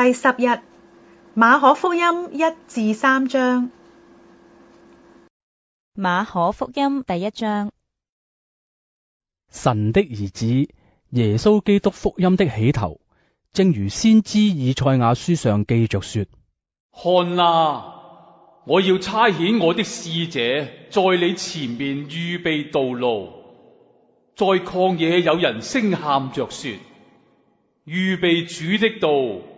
第十日，馬可福音一至三章。馬可福音第一章，神的兒子耶穌基督福音的起頭，正如先知以賽亞書上記着說：看啊，我要差遣我的使者在你前面預備道路。在曠野有人聲喊着說：預備主的道。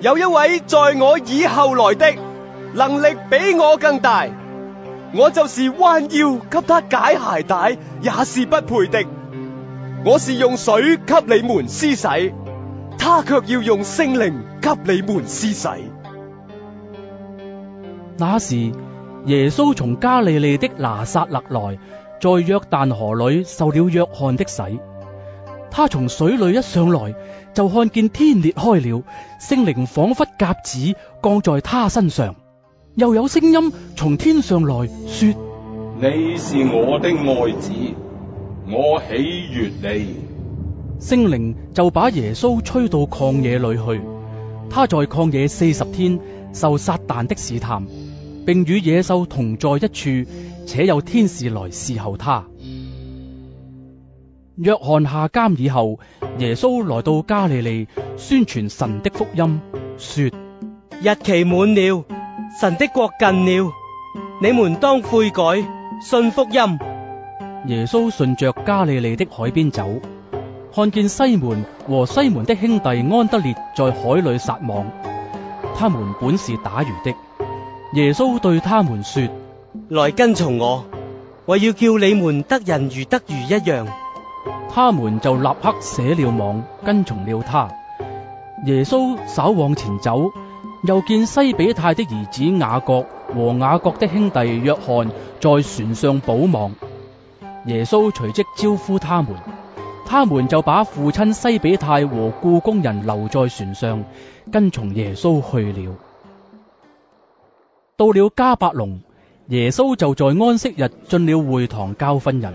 有一位在我以後來的，能力比我更大，我就是彎腰給他解鞋帶，也是不配的。我是用水給你們施洗，他卻要用聖靈給你們施洗。那時，耶穌從加利利的拿撒勒來，在約旦河裏受了約翰的洗。他從水裏一上來，就看見天裂開了，聖靈仿佛鴿子降在他身上，又有聲音從天上來說：你是我的愛子，我喜悅你。聖靈就把耶穌吹到曠野裏去，他在曠野四十天受撒旦的試探，並與野獸同在一處，且有天使來侍候他。約翰下監以後，耶穌來到加利利，宣傳神的福音，說：日期滿了，神的國近了，你們當悔改，信福音。耶穌順着加利利的海邊走，看見西門和西門的兄弟安德烈在海裏撒網，他們本是打魚的。耶穌對他們說：來跟從我，我要叫你們得人如得魚一樣。他們就立刻捨了網，跟從了他。耶穌稍往前走，又見西比泰的兒子雅各和雅各的兄弟約翰在船上補網。耶穌隨即招呼他們，他們就把父親西比泰和僱工人留在船上，跟從耶穌去了。到了迦百農，耶穌就在安息日進了會堂教訓人。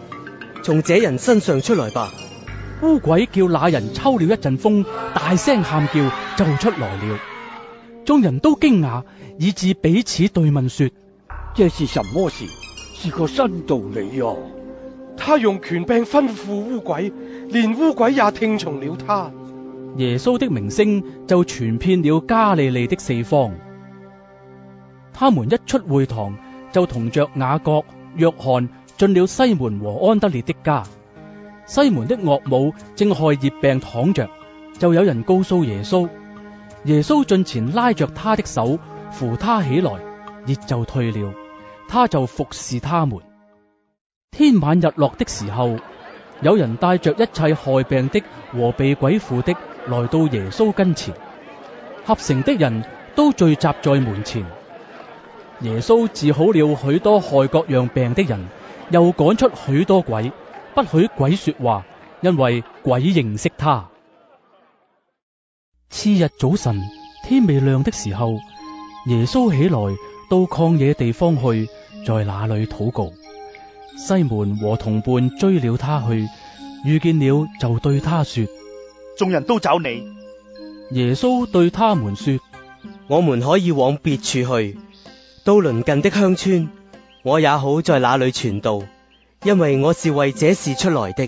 從這人身上出來吧，烏鬼叫那人抽了一陣風，大聲喊叫就出來了。眾人都驚訝，以致彼此對問說：這是什麼事？是個新道理啊！他用權柄吩咐烏鬼，連烏鬼也聽從了他。耶穌的名聲就傳遍了加利利的四方。他們一出會堂，就同着雅各、約翰。進了西門和安德烈的家，西門的岳母正害熱病躺着，就有人告訴耶穌，耶穌進前拉着他的手扶他起來，熱就退了，他就服侍他們。天晚日落的時候，有人帶着一切害病的和被鬼附的來到耶穌跟前，合城的人都聚集在門前，耶穌治好了許多害各樣病的人。又趕出許多鬼，不許鬼說話，因為鬼認識他。次日早晨，天未亮的時候，耶穌起來到曠野地方去，在那裡禱告。西門和同伴追了他去，遇見了就對他說：眾人都找你。耶穌對他們說：我們可以往別處去，到鄰近的鄉村。我也好在那裏傳道，因為我是為這事出來的。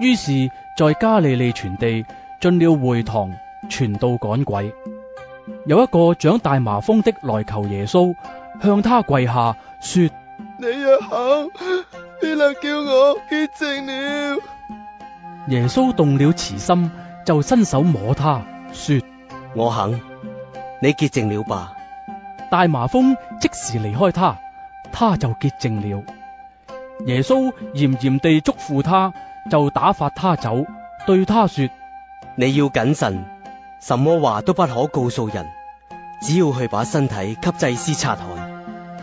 於是，在加利利全地進了會堂，傳道趕鬼。有一個長大麻風的來求耶穌，向他跪下說：你若肯，你能叫我潔淨了？耶穌動了慈心，就伸手摸他，說我肯，你潔淨了吧？大麻風即時離開他。他就潔淨了。耶穌嚴嚴地囑咐他，就打發他走，對他說：你要謹慎，什麼話都不可告訴人，只要去把身體給祭司察看。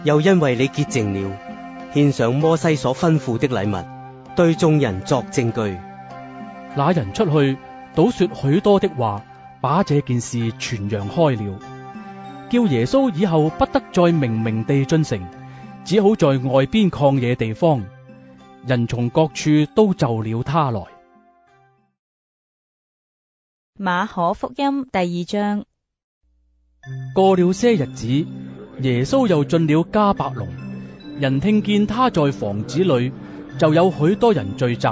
又因為你潔淨了，獻上摩西所吩咐的禮物，對眾人作證據。那人出去，倒說許多的話，把這件事傳揚開了，叫耶穌以後不得再明明地進城。只好在外邊曠野地方，人從各處都就了他來。馬可福音第二章。過了些日子，耶穌又進了迦百農，人聽見他在房子裏，就有許多人聚集，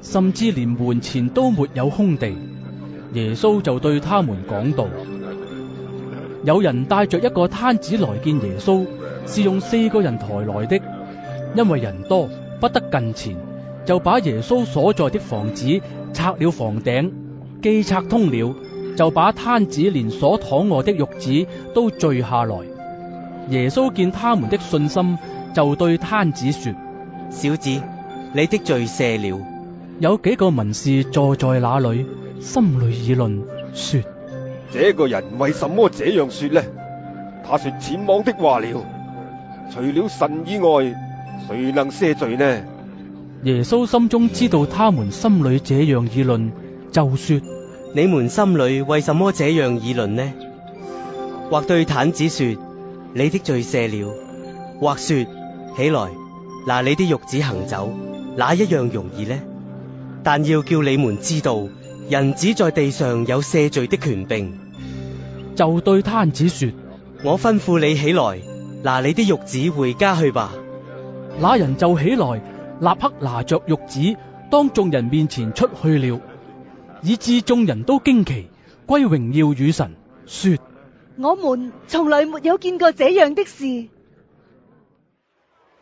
甚至連門前都沒有空地。耶穌就對他們講道。有人帶着一個癱子來見耶穌，是用四個人抬來的，因為人多不得近前，就把耶穌所在的房子拆了房頂，既拆通了，就把癱子連所躺臥的褥子都縋下來。耶穌見他們的信心，就對癱子說：小子，你的罪赦了。有幾個文士坐在那裏，心裏議論說。這個人為什麼這樣說呢？他說僭妄的話了。除了神以外，誰能赦罪呢？耶穌心中知道他們心裏這樣議論，就說：你們心裏為什麼這樣議論呢？或對癱子說：你的罪赦了。或說：起來，拿你的褥子行走，哪一樣容易呢？但要叫你們知道，人子在地上有赦罪的權柄。就對癱子說：我吩咐你起來，拿你的褥子回家去吧。那人就起來，立刻拿着褥子，當眾人面前出去了，以致眾人都驚奇。歸榮耀與神，說：我們從來沒有見過這樣的事。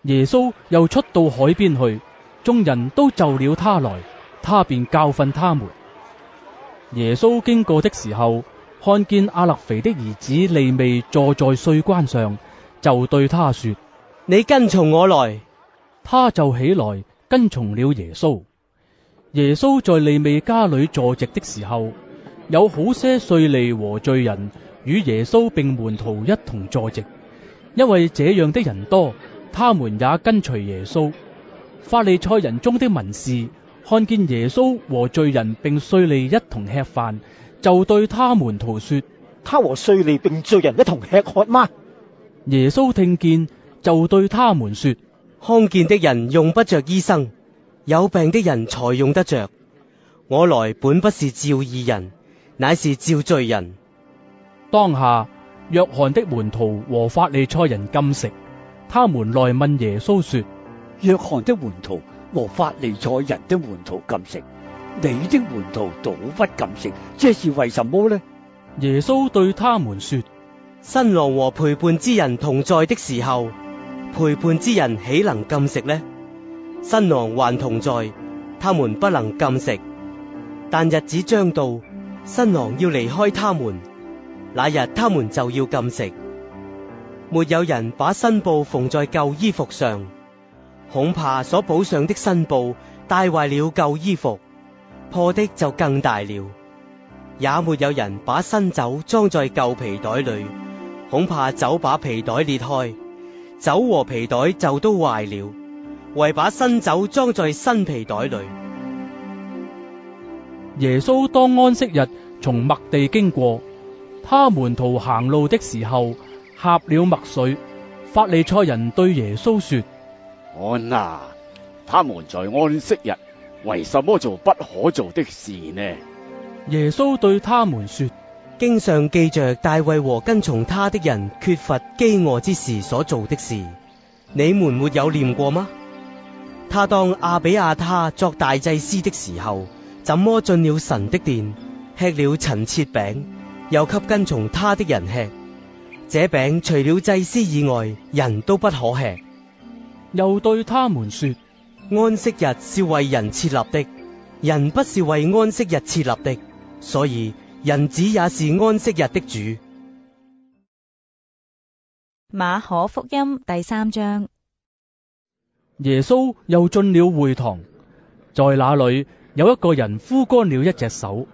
耶穌又出到海邊去，眾人都就了他來，他便教訓他們。耶穌經過的時候，看見阿勒肥的兒子利未坐在稅關上，就對他說：你跟從我來。他就起來跟從了耶穌。耶穌在利未家裏坐席的時候，有好些稅吏和罪人與耶穌並門徒一同坐席，因為這樣的人多，他們也跟隨耶穌。法利賽人中的文士看見耶穌和罪人並稅吏一同吃飯。就對他門徒說：他和稅吏並罪人一同吃喝嗎？耶穌聽見，就對他們說：康健的人用不着醫生，有病的人才用得着。我來本不是召義人，乃是召罪人。當下，約翰的門徒和法利賽人禁食。他們來問耶穌說：約翰的門徒和法利賽人的門徒禁食。你的門徒倒不禁食，這是為什麼呢？耶穌對他們說：新郎和陪伴之人同在的時候，陪伴之人豈能禁食呢？新郎還同在，他們不能禁食。但日子將到，新郎要離開他們，那日他們就要禁食。沒有人把新布縫在舊衣服上，恐怕所補上的新布帶壞了舊衣服。破的就更大了，也沒有，有人把新酒裝在舊皮袋裏，恐怕酒把皮袋裂開，酒和皮袋就都壞了。唯把新酒裝在新皮袋裏。耶穌當安息日從麥地經過，他門徒行路的時候，掐了麥穗，法利賽人對耶穌說：安啊，他們在安息日。為什麼做不可做的事呢？耶穌對他們說：經常記着大衛和跟從他的人缺乏飢餓之時所做的事，你們沒有念過嗎？他當亞比亞他作大祭司的時候，怎麼進了神的殿，吃了陳設餅，又給跟從他的人吃？這餅除了祭司以外，人都不可吃。又對他們說。安息日是為人設立的，人不是為安息日設立的，所以人子也是安息日的主。馬可福音第三章，耶穌又進了會堂，在那裏有一個人枯乾了一隻手，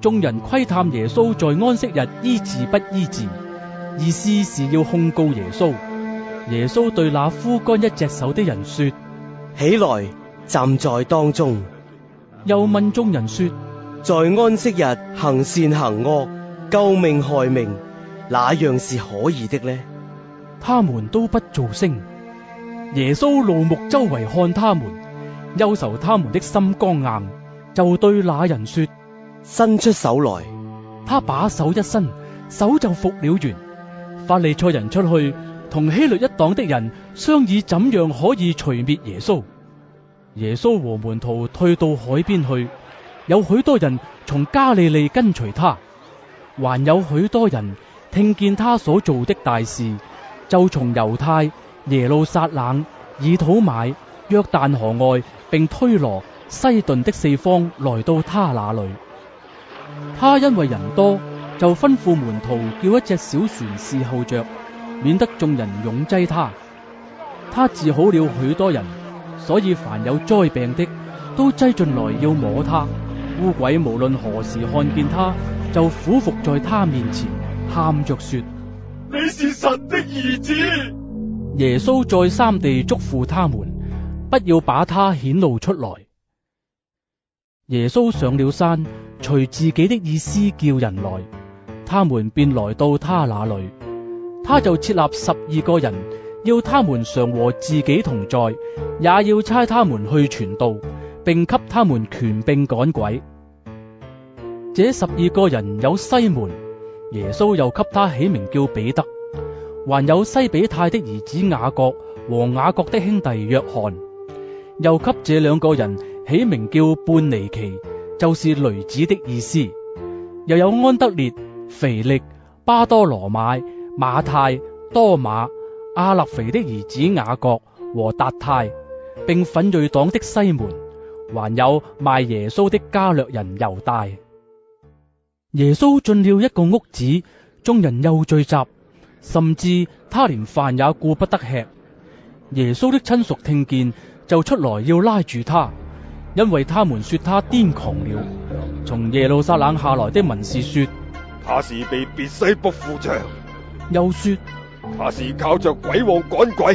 眾人窺探耶穌在安息日醫治不醫治，意思是要控告耶穌。耶穌對那枯乾一隻手的人說。起來，站在當中，又問眾人說：在安息日行善行惡、救命害命，哪樣是可以的呢？他們都不作聲。耶穌怒目周圍看他們，憂愁他們的心剛硬，就對那人說：伸出手來。他把手一伸，手就復了原。法利賽人出去。同希律一黨的人商議怎樣可以除滅耶穌。耶穌和門徒退到海邊去，有許多人從加利利跟隨他，還有許多人聽見他所做的大事，就從猶太、耶路撒冷、以土買、約旦河外，並推羅、西頓的四方來到他那裏。他因為人多，就吩咐門徒叫一隻小船侍候着。免得眾人擁擠他，他治好了許多人，所以凡有災病的都擠進來要摸他。污鬼無論何時看見他，就俯伏在他面前，喊着說：你是神的兒子。耶穌再三地囑咐他們，不要把他顯露出來。耶穌上了山，隨自己的意思叫人來，他們便來到他那裏。他就設立十二個人，要他們常和自己同在，也要差他們去傳道，並給他們權柄趕鬼。這十二個人有西門，耶穌又給他起名叫彼得；還有西比泰的兒子雅各和雅各的兄弟約翰，又給這兩個人起名叫半尼其，就是雷子的意思；又有安德烈、腓力、巴多羅買。馬太、多馬、阿勒肥的兒子雅各和達太，並奮銳黨的西門，還有賣耶穌的加略人猶大。耶穌進了一個屋子，眾人又聚集，甚至他連飯也顧不得吃。耶穌的親屬聽見，就出來要拉住他，因為他們說他癲狂了。從耶路撒冷下來的文士說：他是被別西卜附著。又說，他是靠着鬼王趕鬼。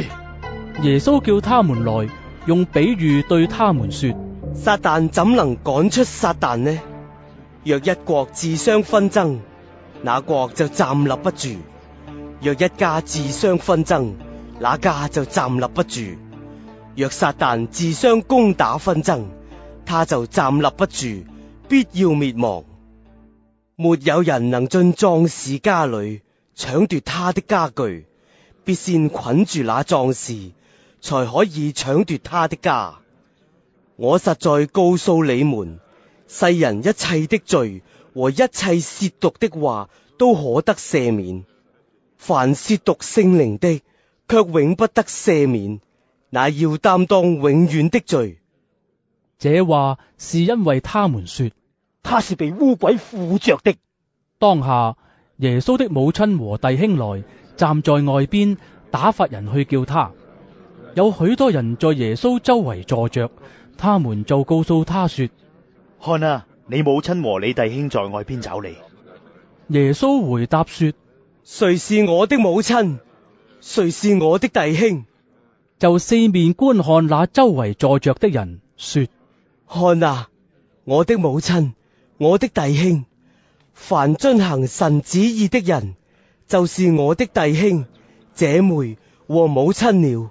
耶穌叫他們來，用比喻對他們說：撒旦怎能趕出撒旦呢？若一國自相紛爭，那國就站立不住；若一家自相紛爭，那家就站立不住。若撒旦自相攻打紛爭，他就站立不住，必要滅亡。沒有人能進壯士家裏。搶奪他的家具，必先捆住那壯士，才可以搶奪他的家。我實在告訴你們，世人一切的罪和一切褻瀆的話，都可得赦免；凡褻瀆聖靈的，卻永不得赦免，乃要擔當永遠的罪。這話是因為他們說他是被汙鬼附着的。當下。耶穌的母親和弟兄來站在外邊，打發人去叫他。有許多人在耶穌周圍坐着，他們就告訴他說：看啊，你母親和你弟兄在外邊找你。耶穌回答說：誰是我的母親，誰是我的弟兄？就四面觀看那周圍坐着的人，說：看啊，我的母親，我的弟兄。凡遵行神旨意的人，就是我的弟兄、姐妹和母親了。